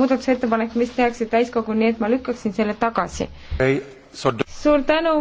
muudatusettepanek, mis tehakse täiskogul, nii et ma lükkaksin selle tagasi. suur tänu!